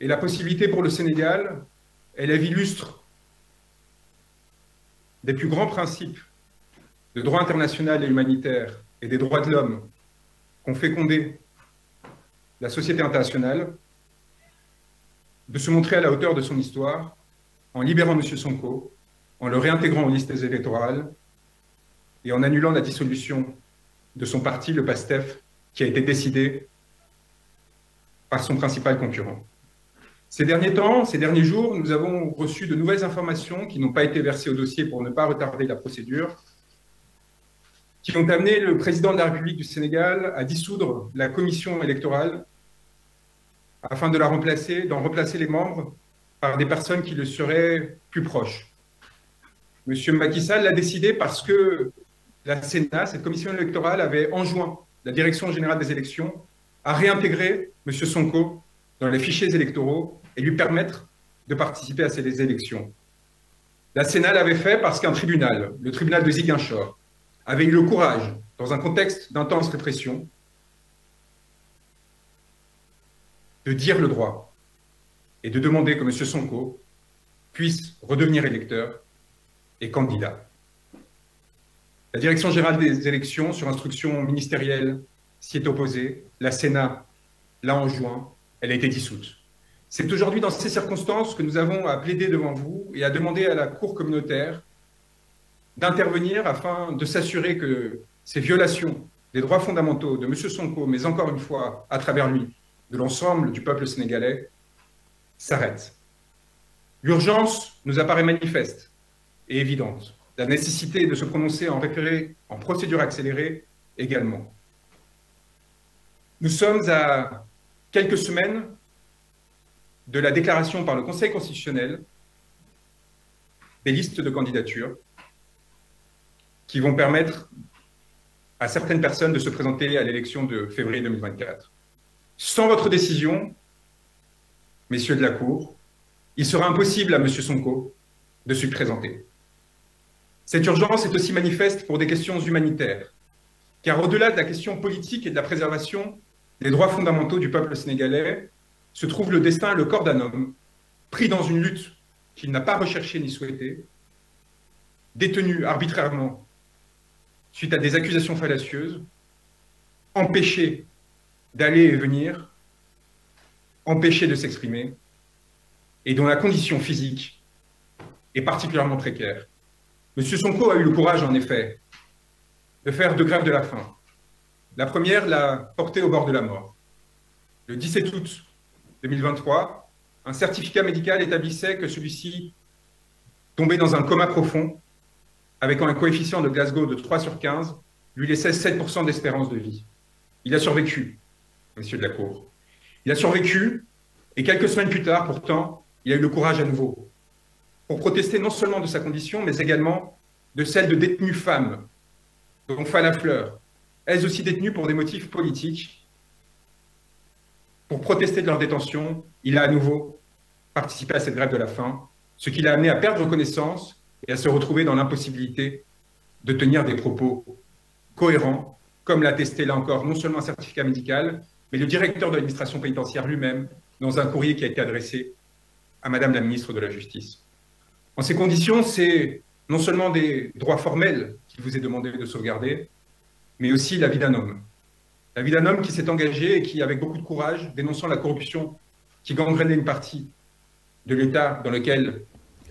Et la possibilité pour le Sénégal, elle illustre des plus grands principes de droit international et humanitaire et des droits de l'homme qu'ont fécondé la société internationale, de se montrer à la hauteur de son histoire en libérant M. Sonko, en le réintégrant aux listes électorales et en annulant la dissolution de son parti, le PASTEF, qui a été décidé par son principal concurrent. Ces derniers temps, ces derniers jours, nous avons reçu de nouvelles informations qui n'ont pas été versées au dossier pour ne pas retarder la procédure, qui ont amené le président de la République du Sénégal à dissoudre la commission électorale afin de la remplacer, d'en remplacer les membres par des personnes qui le seraient plus proches. Monsieur Macky Sall l'a décidé parce que la Sénat, cette commission électorale, avait enjoint la Direction générale des élections à réintégrer Monsieur Sonko dans les fichiers électoraux et lui permettre de participer à ces élections. La Sénat l'avait fait parce qu'un tribunal, le tribunal de Ziguinchor, avait eu le courage, dans un contexte d'intense répression, de dire le droit et de demander que M. Sonko puisse redevenir électeur et candidat. La Direction générale des élections, sur instruction ministérielle, s'y est opposée. La Sénat l'a juin, Elle a été dissoute. C'est aujourd'hui dans ces circonstances que nous avons à plaider devant vous et à demander à la Cour communautaire d'intervenir afin de s'assurer que ces violations des droits fondamentaux de M. Sonko, mais encore une fois, à travers lui, de l'ensemble du peuple sénégalais, s'arrêtent. L'urgence nous apparaît manifeste et évidente. La nécessité de se prononcer en référé, en procédure accélérée également. Nous sommes à quelques semaines de la déclaration par le Conseil constitutionnel des listes de candidatures qui vont permettre à certaines personnes de se présenter à l'élection de février 2024. Sans votre décision, messieurs de la Cour, il sera impossible à M. Sonko de se présenter. Cette urgence est aussi manifeste pour des questions humanitaires, car au-delà de la question politique et de la préservation des droits fondamentaux du peuple sénégalais, se trouve le destin le corps d'un homme pris dans une lutte qu'il n'a pas recherchée ni souhaitée, détenu arbitrairement suite à des accusations fallacieuses, empêché d'aller et venir, empêché de s'exprimer, et dont la condition physique est particulièrement précaire. Monsieur Sonko a eu le courage, en effet, de faire deux grèves de la faim. La première l'a porté au bord de la mort. Le 17 août 2023, un certificat médical établissait que celui-ci tombait dans un coma profond, avec un coefficient de Glasgow de 3 sur 15, lui laissait 7% d'espérance de vie. Il a survécu, monsieur de la Cour. Il a survécu, et quelques semaines plus tard, pourtant, il a eu le courage à nouveau pour protester non seulement de sa condition, mais également de celle de détenues femmes, dont Fala Fleur, elles aussi détenues pour des motifs politiques, pour protester de leur détention, il a à nouveau participé à cette grève de la faim, ce qui l'a amené à perdre connaissance et à se retrouver dans l'impossibilité de tenir des propos cohérents, comme l'a attesté là encore non seulement un certificat médical, mais le directeur de l'administration pénitentiaire lui-même dans un courrier qui a été adressé à Madame la ministre de la Justice. En ces conditions, c'est non seulement des droits formels qu'il vous est demandé de sauvegarder, mais aussi la vie d'un homme. La vie d'un homme qui s'est engagé et qui, avec beaucoup de courage, dénonçant la corruption qui gangrenait une partie de l'État dans lequel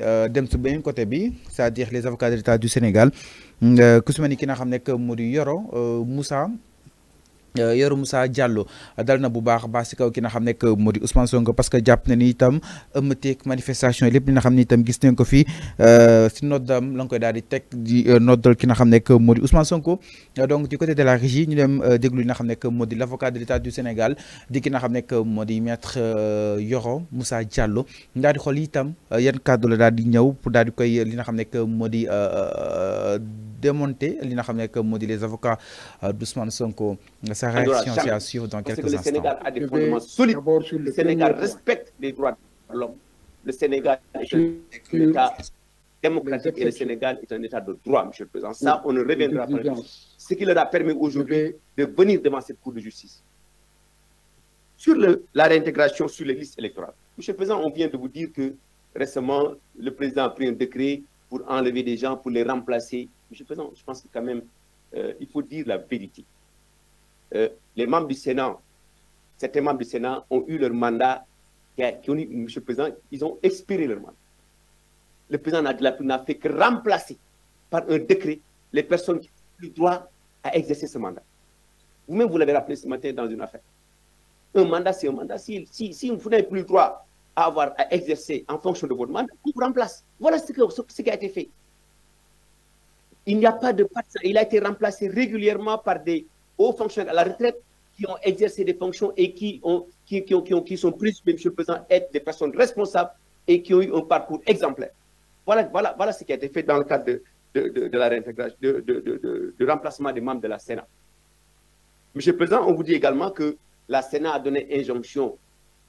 Euh, dem su beneen côté bi c'est-à-dire les du Sénégal ku su mel ki nga xam nekk moo di Yoro euh, Moussa Euh, Yoro Moussa Diallo euh, dal na bu baax a baax si kaw ki na xam nekk moo di Ousmane parce que jàpp na ni itam ëmmateeg manifestation yi lépp li nga xam ne itam gis nañ ko fi si euh, noddam la nga koy daal di teg di ki nga xam nekk moo di Ousmane Sonko donc côté de la régie ñu dem déglu li nga xam nekk moo di l' avocat de l' du Sénégal di ki na xam nekk moo di maître Yoro Moussa Diallo ñu daal di xool itam yan kàddu la daal di ñëw pour daal di koy li nga xam nekk moo di. démonter Lina nga que les avocats euh, d'Ousmane Sonko. sa réaction c'est à suivre dans quelques instants. le Sénégal a des fondements solides. le Sénégal respecte les droits de l'homme. Le Sénégal est un État démocratique et le Sénégal est un État de droit, Monsieur le Président. Ça, on ne reviendra pas. Ce qui leur a permis aujourd'hui de venir devant cette Cour de justice. Sur le, la réintégration sur les listes électorales, Monsieur le Président, on vient de vous dire que récemment, le Président a pris un décret pour enlever des gens, pour les remplacer Monsieur le Président, je pense que quand même, euh, il faut dire la vérité. Euh, les membres du Sénat, certains membres du Sénat ont eu leur mandat, qui, ont Monsieur le Président, ils ont expiré leur mandat. Le président n'a fait que remplacer par un décret les personnes qui plus le droit à exercer ce mandat. Vous-même, vous, l'avez rappelé ce matin dans une affaire. Un mandat, c'est un mandat. Si, vous n'avez plus le droit à avoir à exercer en fonction de votre mandat, on vous remplace. Voilà ce qui a été fait. Il n'y a pas de partisan. Il a été remplacé régulièrement par des hauts fonctionnaires à la retraite qui ont exercé des fonctions et qui, ont, qui, sont plus, M. le Président, être des personnes responsables et qui ont eu un parcours exemplaire. Voilà, voilà, voilà ce qui a été fait dans le cadre de, de, la réintégration, de, remplacement des membres de la Sénat. M. le Président, on vous dit également que la Sénat a donné injonction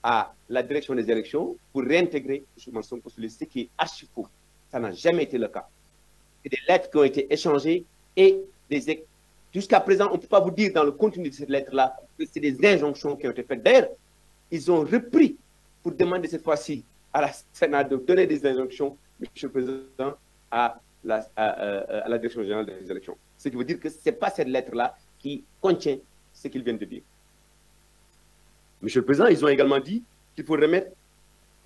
à la direction des élections pour réintégrer M. Manson pour ce qui est archi Ça n'a jamais été le cas des lettres qui ont été échangées et des... Jusqu'à présent, on ne peut pas vous dire dans le contenu de cette lettre-là que c'est des injonctions qui ont été faites. D'ailleurs, ils ont repris pour demander cette fois-ci à la Sénat de donner des injonctions, M. le Président, euh, à la, Direction générale des élections. Ce qui veut dire que ce n'est pas cette lettre-là qui contient ce qu'ils viennent de dire. Monsieur le Président, ils ont également dit qu'il faut remettre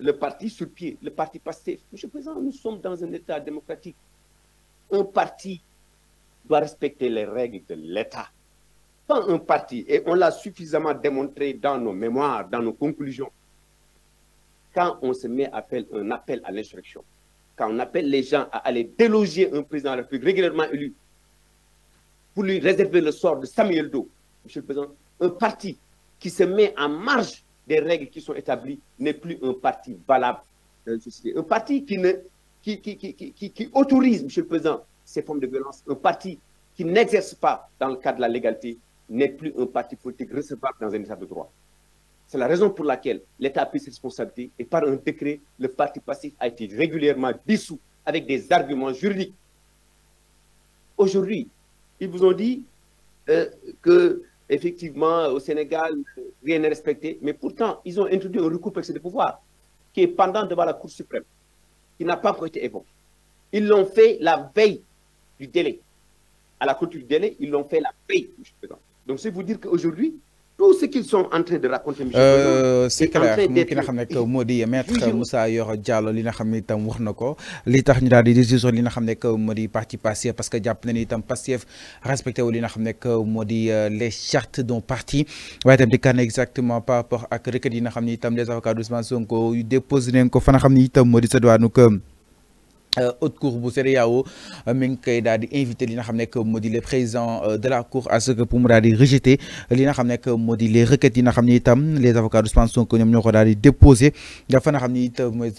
le parti sur pied, le parti passé. Monsieur le Président, nous sommes dans un État démocratique un parti doit respecter les règles de l'État. Quand un parti, et on l'a suffisamment démontré dans nos mémoires, dans nos conclusions. Quand on se met à faire un appel à l'instruction, quand on appelle les gens à aller déloger un président de la République régulièrement élu, pour lui réserver le sort de Samuel Do, Monsieur le Président, un parti qui se met en marge des règles qui sont établies n'est plus un parti valable dans société. Un parti qui ne qui, autorise, M. le Président, ces formes de violence, un parti qui n'exerce pas dans le cadre de la légalité n'est plus un parti politique recevable dans un état de droit. C'est la raison pour laquelle l'État a pris ses responsabilités et par un décret, le parti passif a été régulièrement dissous avec des arguments juridiques. Aujourd'hui, ils vous ont dit qu'effectivement, euh, que effectivement au Sénégal, rien n'est respecté, mais pourtant, ils ont introduit un recours pour de pouvoir qui est pendant devant la Cour suprême qui n'a pas prêté évoqué. Ils l'ont fait la veille du délai. À la clôture du délai, ils l'ont fait la veille. Donc, c'est vous dire qu'aujourd'hui, tout ce qu'ils sont en train de raconter. Euh, c'est clair moom ki nga xam ne moo maître Moussa Yoro Diallo li nga xam ne itam wax na ko li tax ñu daal di décision li nga xam ne moo di parti Pastef parce que jàpp na ni itam Pastef respecté wu li nga xam ne moo euh, les chartes d'un parti waaye itam di kan exactement par rapport ak requête yi nga xam ne les avocats d'Ousmane Sonko yu déposé nañ ko fa nga xam ne itam moo di sa euh, haute cour bu CEDEAO euh, mi ngi koy daal di invité li nga xam que moo di le président euh, de la cour à ce que pour mu daal di rejeter li nga xam que moo di les requêtes yi nga xam ne itam les avocats d'Ousmane Sonko ñoom ñoo ko daal di déposé dafa nga xam ne mooy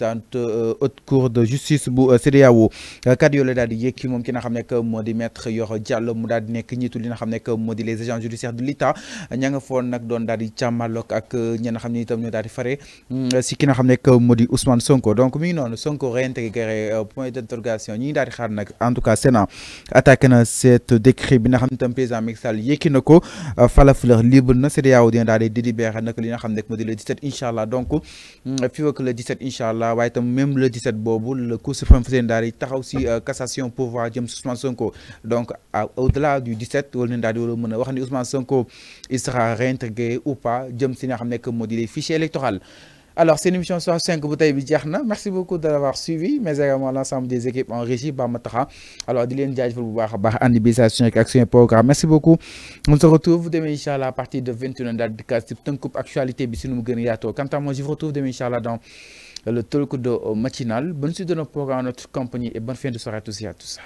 haute cour de justice bu CEDEAO kaddu yooyu la daal di yëkki moom ki nga xam que moo di maître Yoro Diallo mu daal di nekk ñiitu li nga xam que moo di les agents judiciaires de l'État ña nga foon nag doon daal di càmmaloog ak ñi nga xam ne itam ñoo daal di fare mm, si ki nga xam que moo di Ousmane Sonko donc mi ngi noonu Sonko réintégré d'interrogation ñi ngi en tout cas Sénat attaqué na cette décret bi nga xam tam président Macky Sall ko Fala Fleur libre na c'est dina daal di délibéré nak li nga xam nek moo le 17 inshallah donc mm, fii que le 17 Inshallah, va être tam même le 17 bobu le coup suprême fa seen dans taxaw si euh, cassation pouvoir jëm Ousmane Sonko donc au delà du 17 au leen daal di wala mën wax ni Sonko il sera réintégré ou pas jëm si nga xam nek moo les fichiers alors, c'est une émission sur 5 bouteilles Merci beaucoup de l'avoir suivi, mais également l'ensemble des équipes en régie, Matra. Alors, Dylan je vous remercie. Action Programme. Merci beaucoup. On se retrouve demain, Inch'Allah, à partir de 21h, date de C'est une coupe actualité, Quant à moi, je vous retrouve demain, Inch'Allah, dans le talk de matinal. Bonne suite de nos programmes, notre compagnie et bonne fin de soirée à tous et à tous.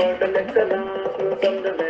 Thank you.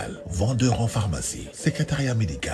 vendeur en pharmacie, secrétariat médical.